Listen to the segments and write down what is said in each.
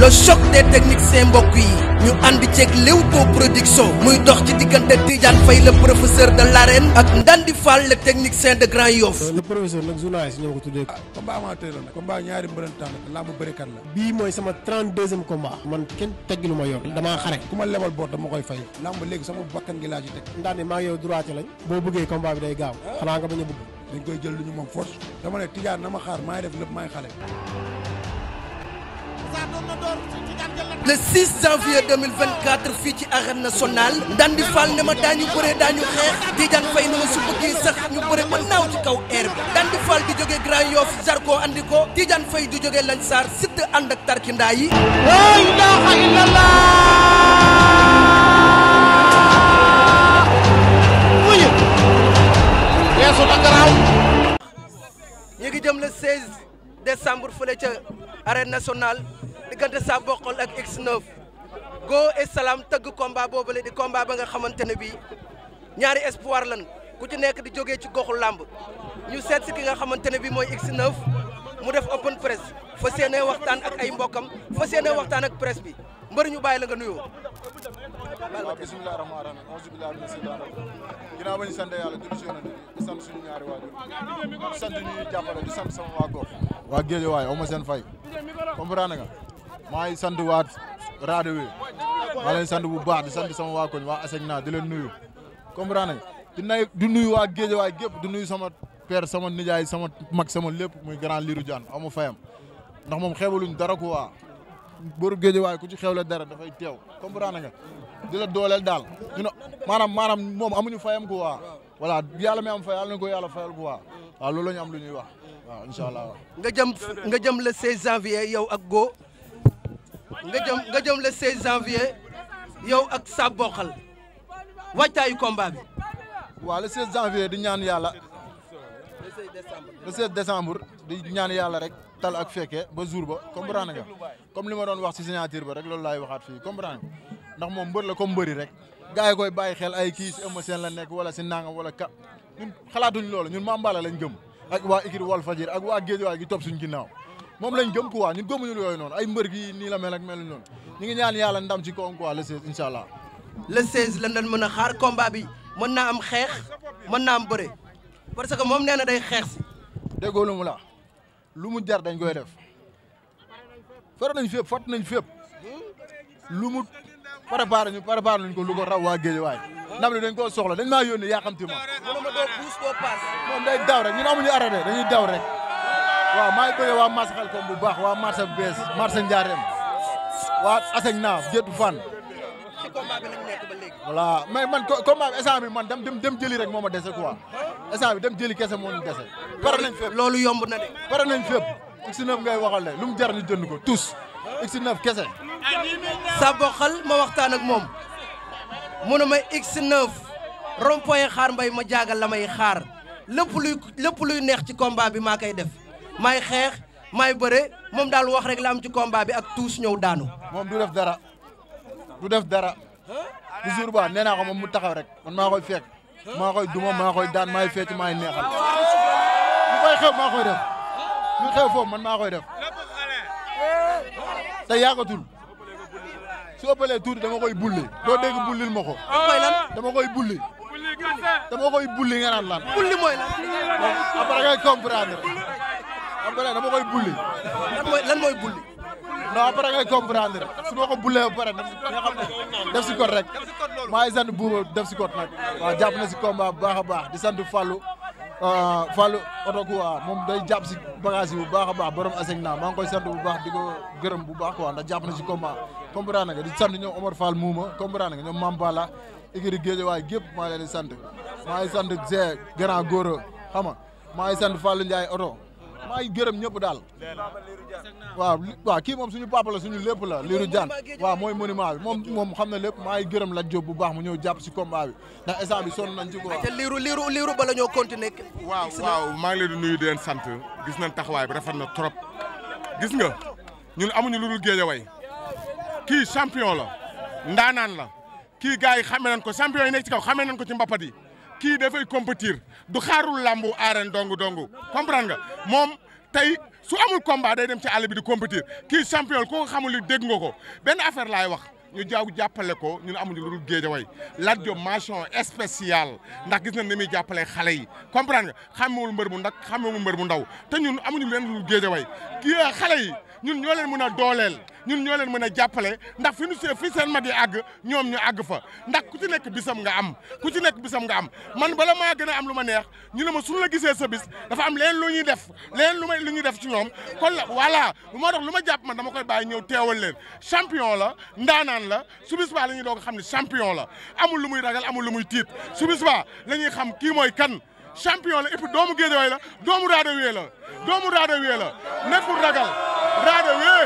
le choc des techniques seen mbokk yi ñu ànd ceeg Leewtoo production muy dox ci diggante Tidiane Faye le professeur de l'arène ak Ndandi Fall le technicien de Grand Yoff. Euh, le professeur nag journaliste ñoo ko tuddee. ah combat amateur la nag. combat ñaari mbërëntaan la làmb bërikat la. bii mooy sama 32e combat. man kenn teggi lu ma yor damaa xare. ku ma lebal boot dama koy fay. làmb léegi sama bakkan gi laa ci teg. Ndandi maa ngi yow droit lañ. boo bëggee combat bi day gaaw. Ah. xanaa nga bañ a bëgg. dañ koy jël lu ñu moom force. dama ne Tidiane na ma xaar maa ngi def le 6 janvier 2024 fii ci arène nationale Ndandi Fall ne daañu bëree daañu xeex Tidiane Faye ne su bëggee sax ñu bëre ba naaw ci kaw air bi Ndandi Fall di jógee Grand Yoff Zarko andi ko Tidiane Faye di jógee Lansar Siteu ànd ak tarkindaa yi laa ilaaha illallaah muy weesu na garaaw ñu ngi jëm le 16 décembre fële ca arène nationale diggante Sambokol ak X9 Go et Salam tëgg combat boobule di combat ba nga xamante ne bii ñaari espoir lan ku ci nekk di jógee ci goxu làmb ñu seet si ki nga xamante ne bii mooy X9 mu def open press fas yéene waxtaan ak ay mbokkam fas yéene waxtaan ak presse bi mbër ñu bàyyi la nga nuyoo. waaw bisimilah rahmaani rahiim alhamdulilah bi si daal ginnaaw ba ñu sant yàlla di di sant suñu ñaari waajur di sant ñuy jàppale di sant sama waa maa ngi sant waa rajo bi maa leen sant bu baax di sant sama waa koñ waa naa di leen nuyu comprendre nañ di nay di nuyu waa géej waa gépp di nuyu sama per sama nijaay sama mak sama lépp muy grand liiru Diane amu fayam ndax moom luñ dara ku waa booru géej waay ku ci la dara dafay teew comprendre nga di la dooleel daal ñu ne maanaam moom amuñu fayam ku waa voilà yàlla mi am fay na ko yàlla fayal ku waa waaw loolu la ñu am lu ñuy wax waaw allah. nga jëm nga jëm le 16 yow ak nga jëm nga jëm le 16 janvier yow ak Sa Bokhal waajtaayu combat bi. waaw le 16 janvier di ñaan yàlla. le 16 décembre di ñaan yàlla rek tal ak fekkee ba jour ba comprendre nga comme li ma doon wax si signature ba rek loolu laay waxaat fii comprendre nga ndax moom mbër la comme mbëri rek gars yi koy bàyyi xel ay kii ci Eumeu la nekk wala ci nangam wala ka ñun xalaatuñ loolu ñun Mame Balla lañ gëm ak waa Ikir Walfadjir ak waa Guédiawaye gi topp suñ ginnaaw moom lañ gëm quoi ñun gëmuñu yooyu noonu ay mbër gi nii la mel ak melu noonu ñu ngi ñaan yàlla ndam ci kawam quoi le 16 allah. le 16 lan lañ mën a xaar combat bi mën naa am xeex mën naa am bëre parce que moom nee na day xeex si. déggoo lu mu la lu mu jar dañ koy def fere nañ fépp fott nañ fépp lu mu préparé ñu préparé nañ ko lu ko raw waa géej waay ndam li dañ koo soxla dañ maa yónni yaa xam te ma. mënuma doo puus doo paas. moom day daw rek ñun amuñu rek. waaw maa ngi bëggee waa marché Xelcom bu baax waa marché bu bees marché Ndiarème waa Asegna Gétu Fan. ci combat bi lañ nekk mais man ko bi instant bi man dem dem jëli rek moo ma dese quoi instant bi dem jëli kese moo ñu dese. pare nañ fépp loolu yomb na de. pare nañ fépp X9 ngay waxal de lu mu jar ñu jënd ko tous X9 kese. sa boxal ma waxtaan ak moom mu ne ma X9 rond point xaar mbay ma jaagal la may xaar lépp luy lépp luy neex ci combat bi maa koy def. may xeex may bëre moom daal wax rek la am ci combat bi ak tuus ñëw daanu. moom du def dara du def dara bu jour ba nee naa ko moom mu taxaw rek man maa koy fekk maa koy duma koy daan maay fecc maay neexal lu koy xew maa koy def lu xew foofu man maa koy def te yàggatul su ëppalee tuuti dama koy bulli doo dégg bullil ma ko. dama koy bulli. dama koy bulli nga naan lan. bulli mooy lan. après ngay comprendre. xam nga dama koy bulli. lan mooy lan mooy bulli. non après comprendre su ma ko bullee ba pare nga xam ne def si kot rek maa ngi sant buuba def si kot nag waaw jàpp na si combat bu baax a baax di sant Fallou euh, Fallou oto quoi moom day jàpp si bagage bu baax a baax borom aseg naa maa ngi koy sant bu baax di ko gërëm bu baax quoi ndax jàpp na si combat comprendre nga di sant ñoom Omar Fall muuma comprendre nga ñoom Mambala igiri géej waaye gépp maa leen di sant maa ngi sant Zé grand góor xam nga maa ngi sant Fallou Ndiaye oto maa ngi gërëm ñëpp daal waaw waaw kii moom suñu papa la suñu lépp la Lirou Diane waaw mooy monument maa moom moom xam na lépp maay ngi gërëm la Diop bu baax mu ñëw jàpp si combat bi ndax soon bi sonn nañ ci ko waaw Lirou Lirou Lirou bala ñoo continuer waaw waaw maa ngi di nuyu di sant gis nañ taxawaay bi rafet na trop gis nga ñun amuñu lu dul Guédiawaye kii champion la naan la kii gars yi xamee nañ ko champion yi nekk ci kaw xamee nañ ko ci mbapat yi kii dafay compétir du xaarul làmbu arène dong dong comprendre nga moom tey su amul combat day dem ci àll bi di compétir kii champion ku ko xamul li dégg nga ko benn affaire laay wax ñu jaaw jàppale ko ñun amuñu lu dul géejawaay Lat Diop mention spéciale ndax gis nañ ni muy jàppale xale yi comprendre nga xamewul mbër bu ndax xamewul mbër mu ndaw te ñun amuñu leen lu dul géejawaay kii xale yi ñun ñoo leen mën a dooleel ñun ñoo leen mën a jàppale ndax fi ñu see fi seen mat yi àgg ñoom ñu àgg fa ndax ku ci nekk bisam nga am ku ci nekk bisam nga am man bala maa gën a am lu ma neex ñu ne ma suñu la gisee sa dafa am leen lu ñuy def leen lu may lu ñuy def ci ñoom kon la voilà moo tax lu ma jàpp ma dama koy bàyyi ñëw teewal leen champion la ndaanaan la su baa la ñuy doog xam ne champion la amul lu muy ragal amu lu muy tiit su bis baa la ñuy xam kii mooy kan champion la et puis doomu Guédiawaye la doomu Raadawee la doomu Raadawee la nekkul Radawé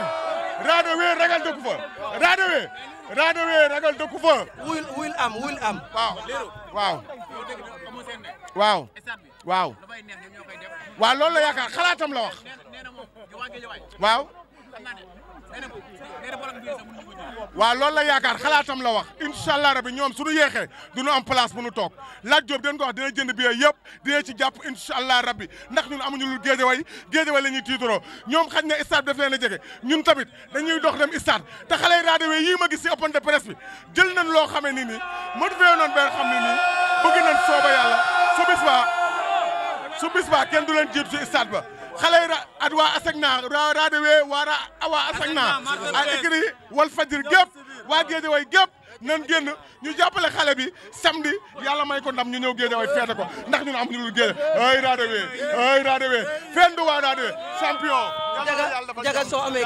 Radawé ragal dëkku fa Radawé Radawé ragal dëkku fa. wuyul wuyul am wuyul am. waaw waaw. waaw waaw. waaw loolu la yaakaar xalaatam la wax. waaw. waaw loolu la yaakaar xalaatam la wax incha allah rabi ñoom suñu yéexee duñu am place bu nu toog laaj Diop dañ ko wax dina jënd billet yëpp dina ci jàpp incha allah rabi ndax ñun amuñu lu géejeway géejeway la ñuy tiituroo ñoom xaj na stade daf leen a jege ñun tamit dañuy dox dem stade te xale yii ma gis si open de presse bi jël nañ loo xamee ni nii motivé noonu benn xam ne nii bëgg nañ sooba yàlla su bis baa su bis baa kenn du leen jiitu si xale ra at naa Asegna ra raadawee waa ra waa Asegna ak écri fajir gépp waa Géejawaay gépp nan génn ñu jàppale xale bi samedi yàlla may ko ndam ñu ñëw Géejawaay feete ko ndax ñun amuñu lu géej ay raadawee ay raadawee fenn du waa raadawee champion. jaga jaga soo amee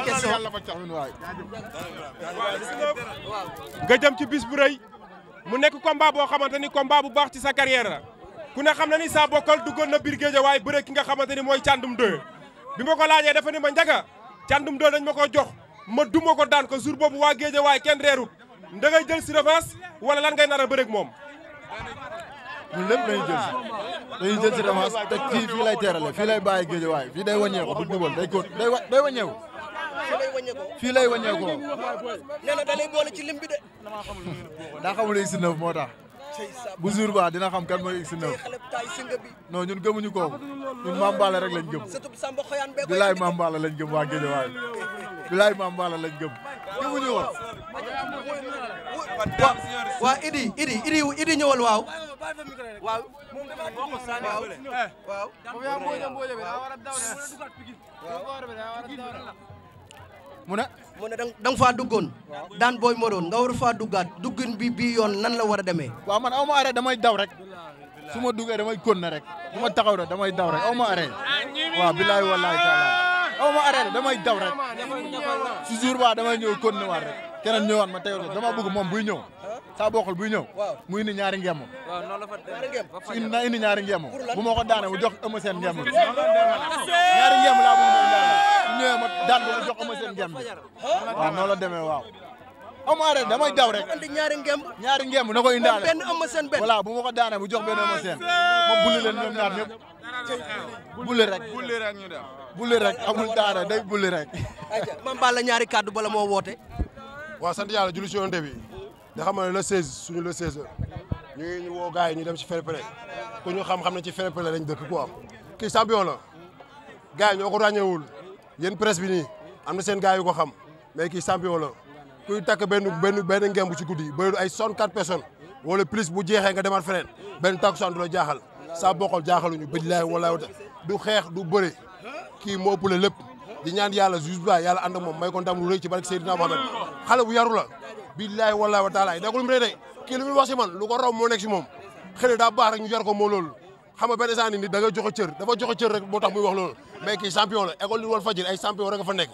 jëm ci bis bu rëy mu nekk combat boo xamante ni combat bu baax ci sa carrière la. ku ne xam na ni saa bokkal duggoon na biir géej waaye bëre ki nga xamante ni mooy càndum 2 bi ma ko e dafa ni ma njaga càndum 2 dañ ma ko jox ma duma ko daan ko jour boobu waa géej waaye kenn reerut nda ngay jël si revanche wala lan ngay nar a moom ak moom ñun lépp dañuy jël si dañuy jël si revanche te fii fii lay teerale fii lay bàyyi géej waaye fii day wàññeeku du dubal day kóot day wa fii lay wàññeekoo nee na da lay boole ci lim bi de daa xamul si neuf moo bu jour ba dina xam kan mooy X9 non ñun gëmuñu kooku ñun Mambaale rek lañ gëm bilaay Mambaale lañ gëm waa gëmuñu woon. waa Idi Idi Idi Idi ñëwal waaw. mu ne mu ne da nga faa duggoon daan booy moroon nga war faa duggaat duggin bi bii yoon nan la war a demee waaw man aw ma arrêt damay daw rek su ma duggee damay kon na rek su ma taxaw rek damay daw rek aw ma arrêt waaw bilaay wallaay taala aw ma arrêt damay daw rek toujours ba damay ñëw kon ne waat rek keneen ñëwaat ma tegal dama bëgg moom buy ñëw saa bokkul buy ñëw mu indi ñaari ngeem su indi na indi ñaari ngeem bu ma daane mu jox Eumeu Sène ngeem ñaari ngeem laa mu daane su waaw noonu la demee waaw amaare damay daw rek ñaari ngeem ñaari ngeem na ko indaale benn Eumeu bu ma daane mu jox benn Eumeu Sène ma bulli leen ñoom ñaar ñëpp bulli rek bulli rek amul daara day bulli rek ñaari kàddu bala moo woote waaw sant yàlla nga xam ne le 16 suñu le 16 ñu ngi woo gars yi ñu dem ci fair play ku ñu xam-xam ne ci fair play lañ dëkk quoi kii champion la gars yi ñoo ko ràññeewul yéen presse bi nii am na seen gars yu ko xam mais kii champion la kuy takk benn benn benn ngemb ci guddi bëri ay 64 personnes wala plus bu jeexee nga demaat feneen benn takkusaan du la jaaxal saa bokkal jaaxaluñu bëj laay wala du xeex du bëre kii moo ëppale lépp di ñaan yàlla juste ba yàlla ànd moom may ko ndam lu rëy ci barke xale bu yaru la billahi wallahi wa taala dagul mbir de kii lu wax si man lu raw moo nekk si moom xëy daa baax rek ñu jar ko moo loolu xam nga benn saa ni da dafa joxe cër rek moo tax muy wax loolu mais kii champion la école li wal fajir ay champion rek a fa nekk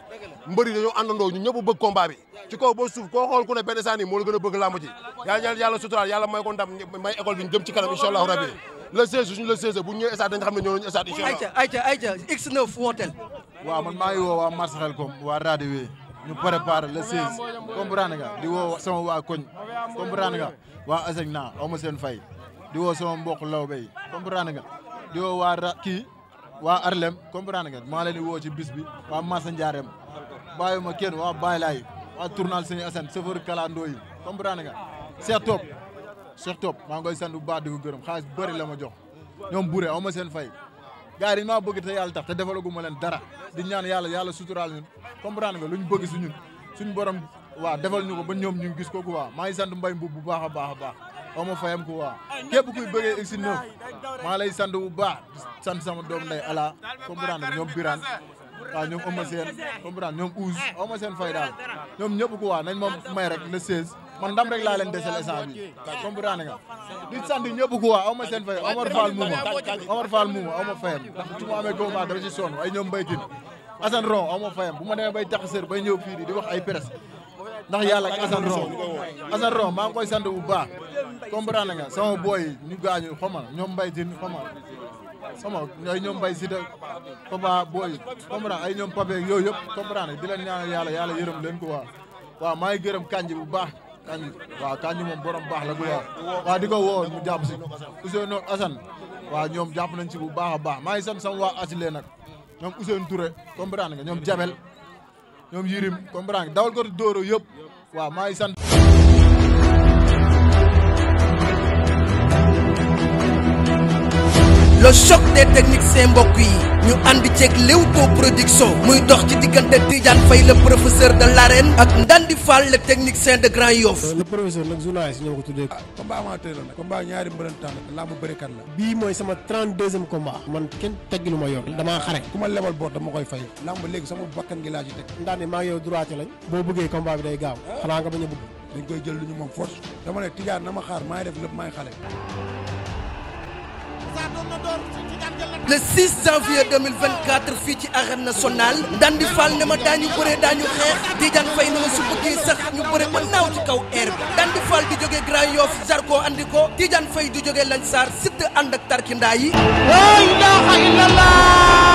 mbëri dañoo àndandoo ñu ñëpp bëgg combat bi ci kaw ba suuf koo xool ku ne benn moo la gën a bëgg làmb ji yàlla suturaal yàlla may ko ndam may école bi ñu ci kanam incha rabbi le 16 suñu ñu préparer le 16 comprendre di woo sama waa koñ comprendre nga waa Asegna aw ma seen fay di woo sama mbokk lawbe yi di woo waa ra kii Arlem comprendre nga woo ci bis bi waa Massa Ndiarème bàyyuma kenn waa Baylaay waa tournal Sëñ Assane chauffeur kalandoo yi comprendre nga Cheikh maa ngi koy baax di ko xaalis bëri la ma jox ñoom bure aw ma seen fay gars yi dañ maa bëgg te yàlla tax te ma leen dara di ñaan yàlla yàlla suturaal ñun comprendre nga luñ bëgg si ñun suñ borom waa defal ñu ko ba ñoom ñu gis ko quoi maa ngi sant mbay mbub bu baax a baax ma fayam ko waa képp kuy bëggee X9 maa lay sant bu baax sant sama doom nday ala comprendre nga ñoom Birane waaw ñoom Ama Sène comprendre ñoom Ouz aw ma seen fay daal ñoom ñëpp ko waa nañ ma may rek le 16 man ndam rek laa leen desel essence bi comprendre nga di sant ñëpp quoi aw ma seen fay Omar Fall muuma Omar aw ma fayam ndax su ma amee combat dama si sonn ay ñoom baytin Assane Ron aw ma fayam bu ma demee bay tax sër bay ñëw fii di wax ay presse ndax yàlla ak Assane Ron Assane Ron koy sant bu baax comprendre nga sama booy ñu gaañu xoma ñoom baytin xoma sama ay ñoom bay si de Papa booy comprendre ay ñoom Pape yooyu yëpp comprendre di leen ñaanal yàlla yàlla yërëm leen baax Kandji waaw Kandji moom borom baax la quoi waaw di ko woo mu jàpp si Ousseynou Assane waa ñoom jàpp nañ si bu baax a baax maa ngi sam sama waa Asile nag ñoom Ousseynou Touré comprendre nga ñoom Jabel ñoom Yirim comprendre nga dawal ko Dóoro yëpp waaw maa ngi sant le choc des techniques seen mbokk yi ñu ànd ceeg Leewtoo production muy dox ci diggante Tidiane Faye le professeur de l'arène ak Ndandi Fall le technicien de Grand Yoff. le professeur nag journaliste ñoo ko tuddee. ah combat amateur la nag. combat ñaari mbërëntaan la làmb bërikat la. bii mooy sama trente deuxième combat. man kenn teggi lu ma yoon. damaa xare ku ma lebal boor dama koy fay. làmb léegi sama bakkan gi laa ci teg. Ndandi maa ngi yow droit lañ. boo bëggee combat bi day gaaw. Ah. xanaa na ma xaar maa ngi def le 6 janvier 2024 fii ci arène nationale Dandi Fall ne ma daañu bëree daañu xeex Tidiane Faye ne ma su bëggee sax ñu bëre ba naaw ci kaw air bi Dandi Fall di jógee Grand Yoff Zarko andi ko Tidiane di jógee Lansar Siteu ànd ak tarkindaa yi la ilaha illallah